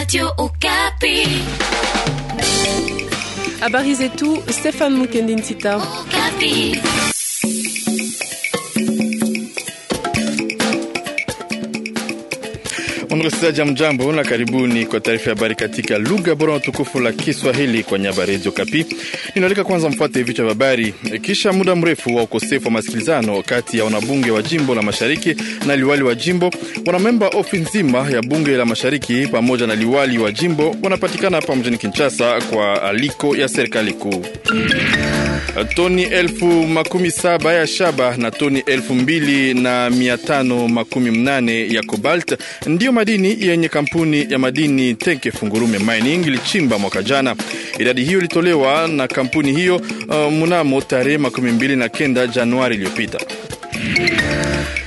À Okapi. et zetu, Stéphane Mukendintita. Okapi. Msikilizaji mjambo na karibuni kwa taarifa ya habari katika lugha bora na tukufu la Kiswahili kwa nyaba Radio Kapi. Ninaalika kwanza mfuate vichwa vya habari. Kisha muda mrefu wa ukosefu wa masikilizano kati ya wanabunge wa jimbo la mashariki na liwali wa jimbo, wanamemba ofi nzima ya bunge la mashariki pamoja na liwali wa jimbo wanapatikana hapa mjini Kinshasa kwa aliko ya serikali kuu. Toni elfu makumi saba ya shaba na toni elfu mbili na mia tano makumi mnane ya kobalt ndiyo madini yenye kampuni ya madini Tenke Fungurume Mining ilichimba mwaka jana. Idadi hiyo ilitolewa na kampuni hiyo uh, mnamo tarehe makumi mbili na kenda Januari iliyopita.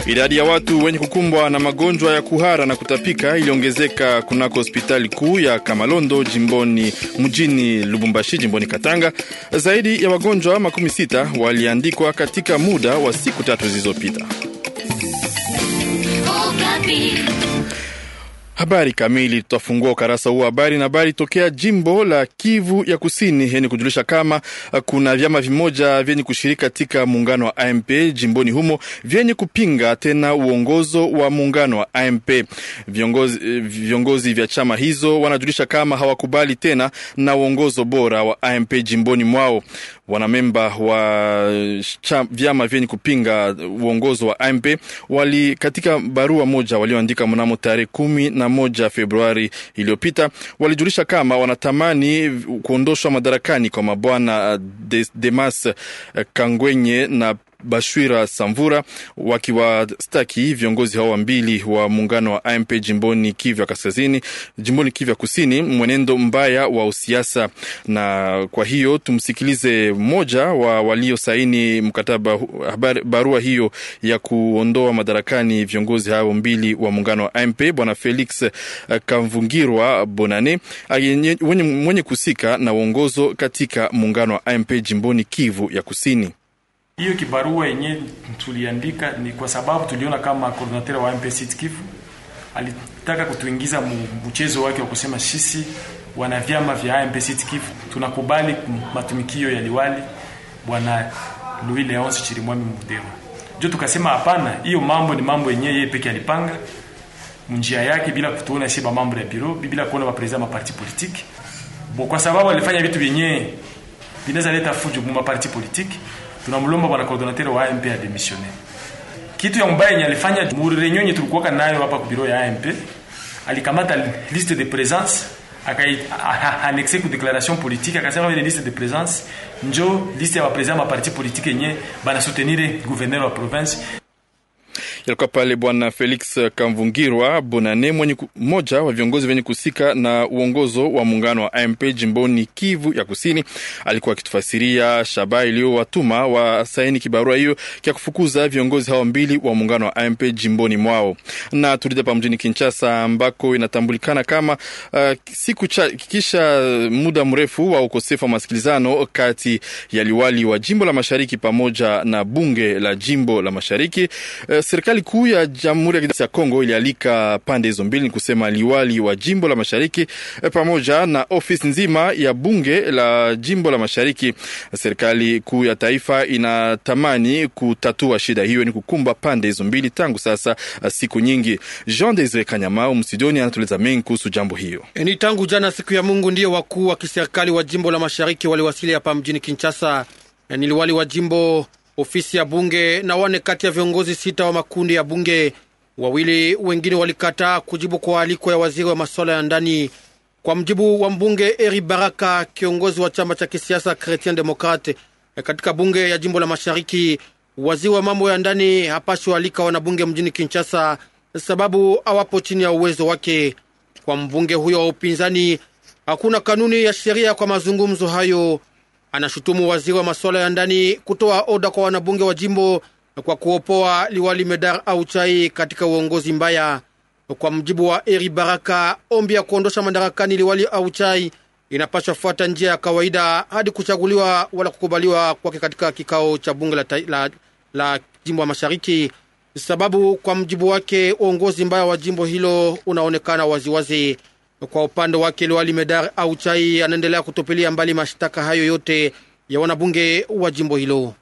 Idadi ya watu wenye kukumbwa na magonjwa ya kuhara na kutapika iliongezeka kunako hospitali kuu ya Kamalondo jimboni mjini Lubumbashi jimboni Katanga. Zaidi ya wagonjwa makumi sita waliandikwa katika muda wa siku tatu zilizopita. Oh, Habari kamili tutafungua ukarasa huu habari na habari tokea jimbo la Kivu ya Kusini yenye kujulisha kama kuna vyama vimoja vyenye kushiriki katika muungano wa AMP jimboni humo vyenye kupinga tena uongozo wa muungano wa AMP. Viongozi, viongozi vya chama hizo wanajulisha kama hawakubali tena na uongozo bora wa AMP jimboni mwao. Wanamemba wa cha, vyama vyenye kupinga uongozi wa AMP wali katika barua moja walioandika mnamo tarehe kumi na moja Februari iliyopita walijulisha kama wanatamani kuondoshwa madarakani kwa mabwana eh, Demas eh, Kangwenye na Bashwira Samvura wakiwastaki viongozi hao wambili wa muungano wa AMP jimboni Kivya Kaskazini, jimboni Kivya Kusini, mwenendo mbaya wa usiasa. Na kwa hiyo tumsikilize mmoja wa waliosaini mkataba habari, barua hiyo ya kuondoa madarakani viongozi hao mbili wa muungano wa AMP, bwana Felix Kamvungirwa Bonane mwenye kusika na uongozo katika muungano wa AMP jimboni Kivu ya Kusini. Hiyo kibarua yenye tuliandika ni kwa sababu tuliona kama koordinatera wa MPC Kivu alitaka kutuingiza mchezo wake wa kusema sisi wana vyama vya MPC Kivu tunakubali matumikio ya liwali bwana Louis Leonce Chirimwami Mudera. Jo, tukasema hapana, hiyo mambo ni mambo yenye yeye peke alipanga njia yake bila kutuona sisi mambo ya biro, bila kuona wa president ma parti politique. Bo, kwa sababu alifanya vitu vyenye vinaweza leta fujo mu parti politique tunamlomba bwana coordinator wa AMP adimissionne. Kitu ya mbaya yenye alifanya muri reunion tulikuwa nayo hapa kwa biro ya AMP, alikamata liste de présence akaiannexe ku declaration politique, akasema ile liste de présence njo liste ya wa president wa parti politique yenye bana soutenir gouverneur wa province Yalikuwa pale bwana Felix Kamvungirwa Bonane, mmoja wa viongozi vyenye kuhusika na uongozo wa muungano wa AMP jimboni Kivu ya Kusini. Alikuwa akitufasiria shabaha iliyowatuma wa saini kibarua hiyo kya kufukuza viongozi hao mbili wa muungano wa AMP jimboni mwao. Na turudi hapa mjini Kinshasa ambako inatambulikana kama uh, siku cha, kisha muda mrefu wa ukosefu wa masikilizano kati ya liwali wa jimbo la mashariki pamoja na bunge la jimbo la mashariki uh, serikali Serikali kuu ya Jamhuri ya Kidemokrasia ya Kongo ilialika pande hizo mbili, ni kusema liwali wa jimbo la mashariki eh, pamoja na ofisi nzima ya bunge la jimbo la mashariki. Serikali kuu ya taifa inatamani kutatua shida hiyo, ni kukumba pande hizo mbili tangu sasa eh, siku nyingi. Jean Desire Kanyamau Msidoni anatueleza mengi kuhusu jambo hiyo. E, ni tangu jana siku ya Mungu ndiyo wakuu wa kiserikali wa jimbo la mashariki waliwasili hapa mjini Kinshasa. E, ni liwali wa jimbo ofisi ya bunge na wane kati ya viongozi sita wa makundi ya bunge. Wawili wengine walikataa kujibu kwa aliko ya waziri wa masuala ya ndani. Kwa mjibu wa mbunge Eri Baraka, kiongozi wa chama cha kisiasa Chretien Demokrate katika bunge ya jimbo la Mashariki, waziri wa mambo ya ndani hapashi walika wanabunge mjini Kinshasa sababu awapo chini ya uwezo wake. Kwa mbunge huyo wa upinzani, hakuna kanuni ya sheria kwa mazungumzo hayo anashutumu waziri wa masuala ya ndani kutoa oda kwa wanabunge wa jimbo kwa kuopoa liwali Medar Auchai katika uongozi mbaya. Kwa mjibu wa Eri Baraka, ombi ya kuondosha madarakani liwali Auchai inapaswa fuata njia ya kawaida hadi kuchaguliwa wala kukubaliwa kwake katika kikao cha bunge la, la, la jimbo la mashariki, sababu kwa mjibu wake uongozi mbaya wa jimbo hilo unaonekana waziwazi wazi. Kwa upande wake liwali Medar Chai anaendelea kutopelia mbali mashtaka hayo yote ya wanabunge wa jimbo hilo.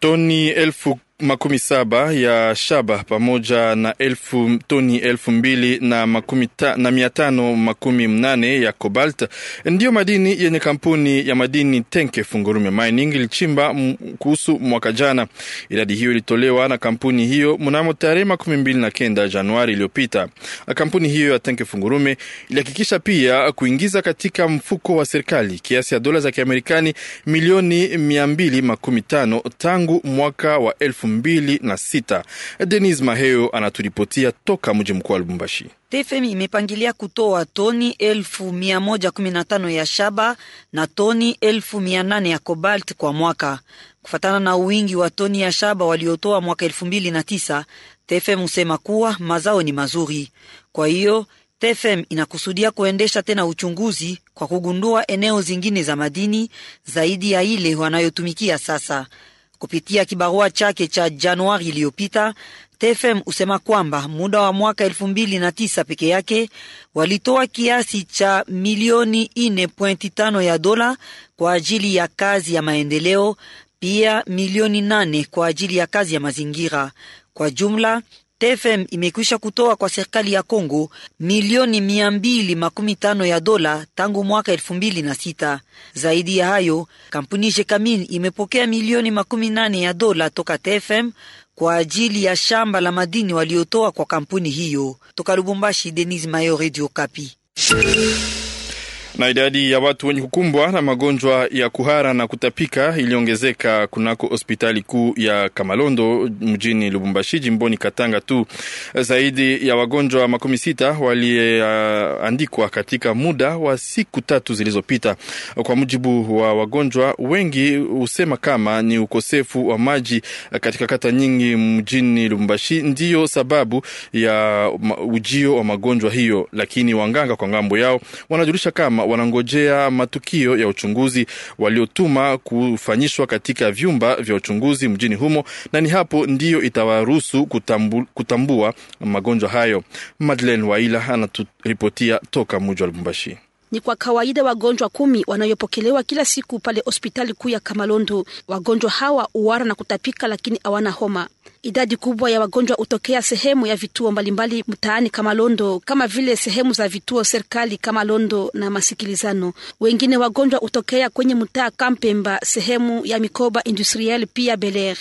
Toni elfu makumi saba ya shaba pamoja na elfu toni elfu mbili na, makumi ta, na mia tano makumi mnane ya cobalt ndiyo madini yenye kampuni ya madini Tenke Fungurume Mining ilichimba kuhusu mwaka jana. Idadi hiyo ilitolewa na kampuni hiyo mnamo tarehe makumi mbili na kenda Januari iliyopita. Kampuni hiyo ya Tenke Fungurume ilihakikisha pia kuingiza katika mfuko wa serikali kiasi ya dola za Kiamerikani milioni mia mbili makumi tano tangu mwaka wa elfu mbili na sita. Denis Maheo anaturipotia toka mji mkuu wa Lubumbashi. TFM imepangilia kutoa toni elfu mia moja kumi na tano ya shaba na toni elfu mia nane ya cobalt kwa mwaka kufatana na wingi wa toni ya shaba waliotoa mwaka elfu mbili na tisa. TFM husema kuwa mazao ni mazuri, kwa hiyo TFM inakusudia kuendesha tena uchunguzi kwa kugundua eneo zingine za madini zaidi ya ile wanayotumikia sasa. Kupitia kibarua chake cha Januari iliyopita, TFM husema kwamba muda wa mwaka tisa peke yake walitoa kiasi cha milioni 4.5 ya dola kwa ajili ya kazi ya maendeleo, pia milioni 8 kwa ajili ya kazi ya mazingira. Kwa jumla TFM imekwisha kutoa kwa serikali ya Kongo milioni mia mbili makumi tano ya dola tangu mwaka elfu mbili na sita. Zaidi ya hayo, kampuni Jekamin imepokea milioni makumi nane ya dola toka TFM kwa ajili ya shamba la madini waliotoa kwa kampuni hiyo. Toka Lubumbashi, Denis Mayo, Radio Kapi. Na idadi ya watu wenye kukumbwa na magonjwa ya kuhara na kutapika iliongezeka kunako hospitali kuu ya Kamalondo mjini Lubumbashi, jimboni Katanga tu. Zaidi ya wagonjwa makumi sita waliandikwa katika muda wa siku tatu zilizopita. Kwa mujibu wa wagonjwa, wengi husema kama ni ukosefu wa maji katika kata nyingi mjini Lubumbashi ndiyo sababu ya ujio wa magonjwa hiyo, lakini wanganga kwa ngambo yao wanajulisha kama wanangojea matukio ya uchunguzi waliotuma kufanyishwa katika vyumba vya uchunguzi mjini humo, na ni hapo ndiyo itawaruhusu kutambu, kutambua magonjwa hayo. Madeleine Waila anaturipotia toka muji wa Lubumbashi. Ni kwa kawaida wagonjwa kumi wanayopokelewa kila siku pale hospitali kuu ya Kamalondo. Wagonjwa hawa uwara na kutapika, lakini hawana homa. Idadi kubwa ya wagonjwa hutokea sehemu ya vituo mbalimbali mtaani Kamalondo, kama vile sehemu za vituo serikali Kamalondo na masikilizano. Wengine wagonjwa hutokea kwenye mtaa Kampemba, sehemu ya mikoba industriel, pia Beler.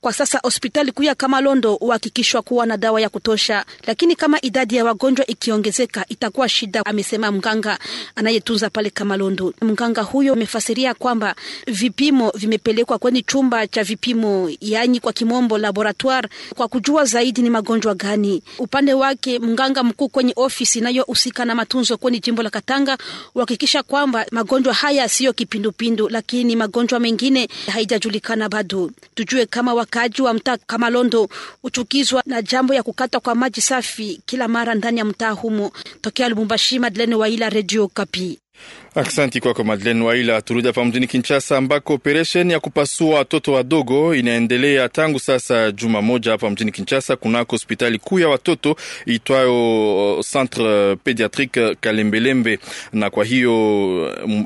Kwa sasa hospitali kuu ya Kamalondo huhakikishwa kuwa na dawa ya kutosha, lakini kama idadi ya wagonjwa ikiongezeka itakuwa shida, amesema mganga anayetunza pale Kamalondo. Mganga huyo amefasiria kwamba vipimo vimepelekwa kwenye chumba cha vipimo, yani kwa kimombo laboratoire, kwa kujua zaidi ni magonjwa gani. Upande wake mganga mkuu kwenye ofisi inayohusika na matunzo kwenye jimbo la Katanga uhakikisha kwamba magonjwa haya siyo kipindupindu, lakini magonjwa mengine haijajulikana bado. Tujue kama wakaji wa mtaa Kamalondo uchukizwa na jambo ya kukata kwa maji safi kila mara ndani ya mtaa humo. Tokea Lubumbashi, Madeleine Waila, Radio Copie. Aksanti kwako Madlen Waila. Turudi hapa mjini Kinshasa ambako operesheni ya kupasua watoto wadogo inaendelea tangu sasa juma moja hapa mjini Kinshasa, kunako hospitali kuu ya watoto itwayo uh, Centre Pediatrique Kalembelembe. Na kwa hiyo um,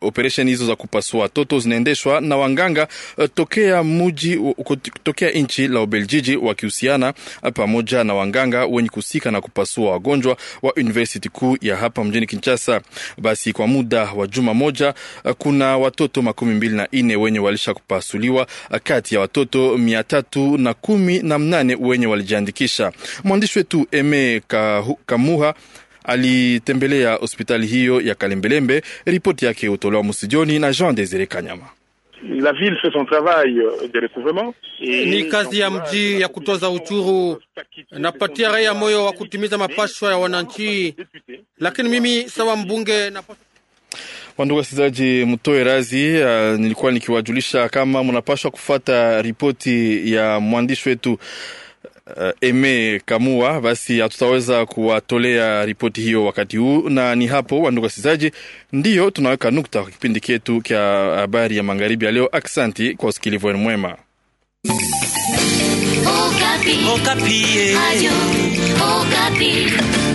operesheni hizo za kupasua watoto zinaendeshwa na wanganga uh, tokea muji, tokea nchi la Ubeljiji, wakihusiana uh, pamoja na wanganga wenye kuhusika na kupasua wagonjwa wa university kuu ya hapa mjini Kinshasa. Basi Masisi kwa muda wa juma moja. Eh, kuna watoto makumi mbili na ine wenye walisha kupasuliwa eh, kati ya watoto mia tatu na kumi na mnane wenye walijiandikisha. Mwandishi wetu Eme Kamuha alitembelea hospitali hiyo ya Kalembelembe. Ripoti yake hutolewa musijoni na Jean Desire Kanyama. La ville fait son travail euh, de recouvrement. Ni kazi ya mji ya kutoza uchuru na patia raia moyo wa kutimiza mapashwa ya wananchi, lakini mimi sawa mbunge na Wandugu wasikilizaji, mtoe razi. Uh, nilikuwa nikiwajulisha kama mnapashwa kufata ripoti ya mwandishi wetu Uh, eh, eme Kamua, basi hatutaweza kuwatolea ripoti hiyo wakati huu, na ni hapo wandugu wasikilizaji, ndiyo tunaweka nukta kwa kipindi chetu cha habari ya magharibi ya leo. Aksanti kwa usikilivu wenu mwema. Okapi. Okapi. Eh.